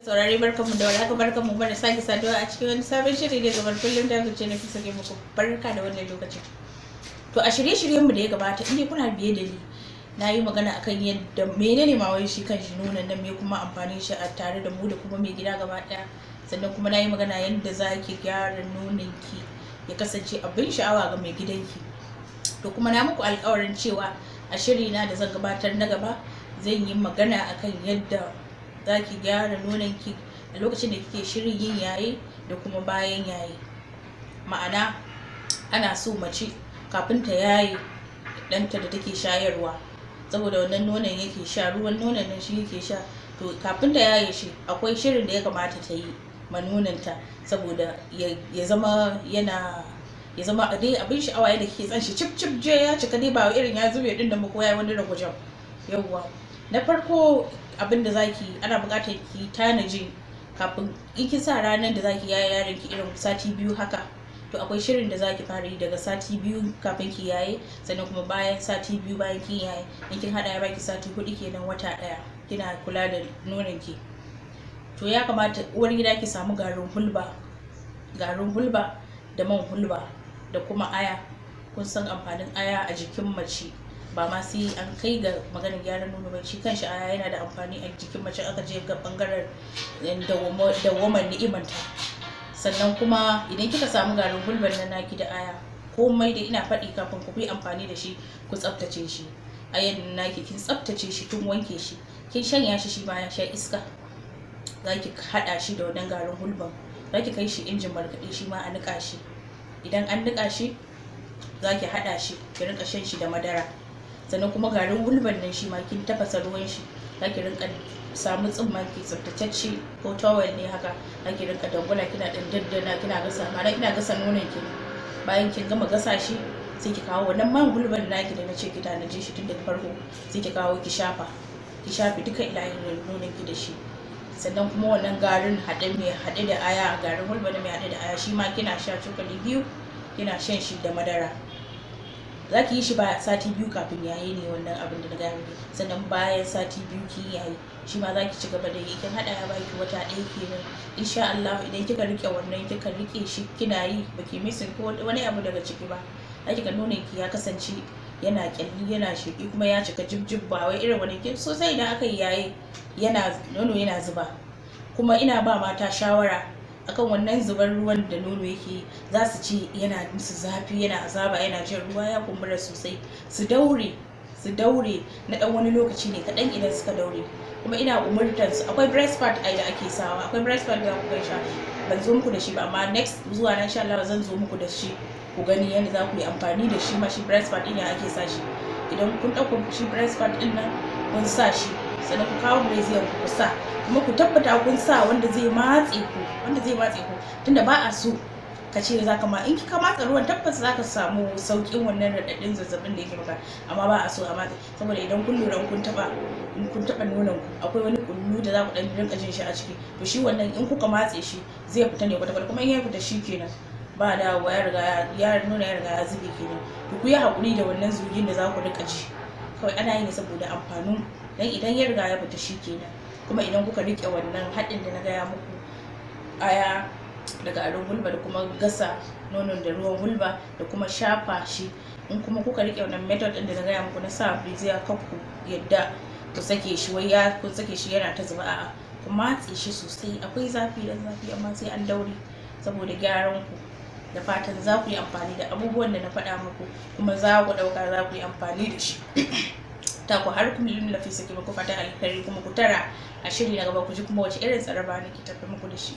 saurari barkanmu da warhaka barkanmu mara sake saduwa a cikin wani sabon shiri da gabar kullum da ce na fisa ke muku barka da wannan lokacin to a shirye-shiryen mu da ya gabata inda kuna biye da ni na yi magana akan yadda menene ma wai shi kan shi nonon nan me kuma amfani shi a tare da mu da kuma mai gida gaba daya sannan kuma na yi magana yadda za ki gyara nonon ki ya kasance abin sha'awa ga mai gidanki to kuma na muku alkawarin cewa a shiri na da zan gabatar na gaba zan yi magana akan yadda za ki gyara nonon ki a lokacin da kike shirin yin yaye da kuma bayan yaye? ma'ana ana so mace kafin ta yaye ɗanta da take shayarwa saboda wannan nonon yake sha ruwan nonon nan shi yake sha to kafin ta yaye shi akwai shirin da ya kamata ta yi ma nonanta saboda ya zama yana ya zama a dai abin sha'awa yadda kike tsan shi cip cip je ya cika dai ba irin ya zube din da muku ya wani ragujan yawwa na farko abin da zaki ana bukatar ki tanaji kafin in kin sa ranar da zaki yaye yaron ki irin sati biyu haka to akwai shirin da zaki fara yi daga sati biyu kafin ki yaye sannan kuma bayan sati biyu bayan kin yaye in kin hada ya baki sati hudu kenan wata daya kina kula da nonon ki to ya kamata uwar gida ki samu garin hulba garin hulba da man hulba da kuma aya kun san amfanin aya a jikin mace ba ma sai an kai ga maganar gyaran nono ba shi kanshi aya yana da amfani a jikin mace aka je ga bangaren eh, dawamar ni'imanta sannan kuma idan kika samu garin gulbar na naki da aya komai da ina faɗi kafin ku yi amfani da shi ku tsaftace shi ayan naki kin tsaftace shi kin wanke shi kin shanya shi shi bayan ya sha iska za ki haɗa shi da wannan garin hulban za kai shi injin markaɗe shi ma a niƙa shi idan an niƙa shi za ki haɗa shi ki riƙa shan shi da madara sannan kuma garin gulban nan shi ma kin tafasa ruwan shi zaki rinka samu tsumman ki tsaftatacce ko towel ne haka ki rinka dangula kina dan daddana kina gasa mara kina gasa nonon ki bayan kin gama gasa shi sai ki kawo wannan man gulban naki da na ce ki tanaje shi tun daga farko sai ki kawo ki shafa ki shafi duka ilayen nonon ki da shi sannan kuma wannan garin haɗe mai haɗe da aya garin gulba mai haɗe da aya shi ma kina sha cokali biyu kina shan shi da madara za ki yi shi ba sati biyu kafin yayi ne wannan abin da na gaya miki sannan bayan sati biyu kin yayi shi ma za ki ci gaba da yi kin haɗa ya baki wata ɗaya kenan insha Allah idan kika rike wannan kika rike shi kina yi baki misin ko wani abu daga ciki ba za ki ga nonon ki ya kasance yana kyalli yana sheƙi kuma ya cika jibjib ba wai irin wani kin sosai idan aka yi yayi yana nono yana zuba kuma ina ba mata shawara akan wannan zubar ruwan da nono yake za su ci yana musu zafi yana azaba yana jin ruwa ya kumbura sosai su daure su daure na dan wani lokaci ne kaɗan idan suka daure kuma ina umurtar su akwai breast pad ai da ake sawa akwai breast pad da kuka sha ban zo muku da shi ba amma next zuwa na insha Allah zan zo muku da shi ku gani yadda za ku yi amfani da shi ma shi breast pad ɗin ya ake sa shi idan kun ɗauka shi breast pad ɗin nan kun sa shi sannan ku kawo brazier ku sa kuma ku tabbata kun sa wanda zai matse ku wanda zai matse ku tunda ba a so ka ce za ka ma in kika matsa ruwan tabbas za ka samu saukin wannan radadin zazzabin da yake maka amma ba a so a matsa saboda idan kun lura kun taba in kun taba nonon ku akwai wani kullu da za ku dan rinka jin shi a ciki to shi wannan in kuka matse shi zai fita ne kwata kuma in ya fita shi kenan ba dawowa ya riga ya nuna ya riga ya zube kenan to ku yi hakuri da wannan zugin da za ku rika ji kawai ana yi ne saboda amfanin dan idan ya riga ya fita shi kenan kuma idan kuka rike wannan haɗin da na gaya muku aya daga aro gulba da kuma gasa nonon da ruwan gulba da kuma shafa shi in kuma kuka rike wannan method din da na gaya muku na sa zai kan yadda ku sake shi wai ya kun sake shi yana ta zuba a'a ku matse shi sosai akwai zafi dan zafi amma sai an daure saboda gyaran ku da fatan za ku yi amfani da abubuwan da na faɗa muku kuma za ku ɗauka za ku yi amfani da shi ta ku har ku miliyoyin lafi sake ku fata alheri kuma ku tara a shiri na gaba ku ji kuma wace irin tsaraba ke tafi muku da shi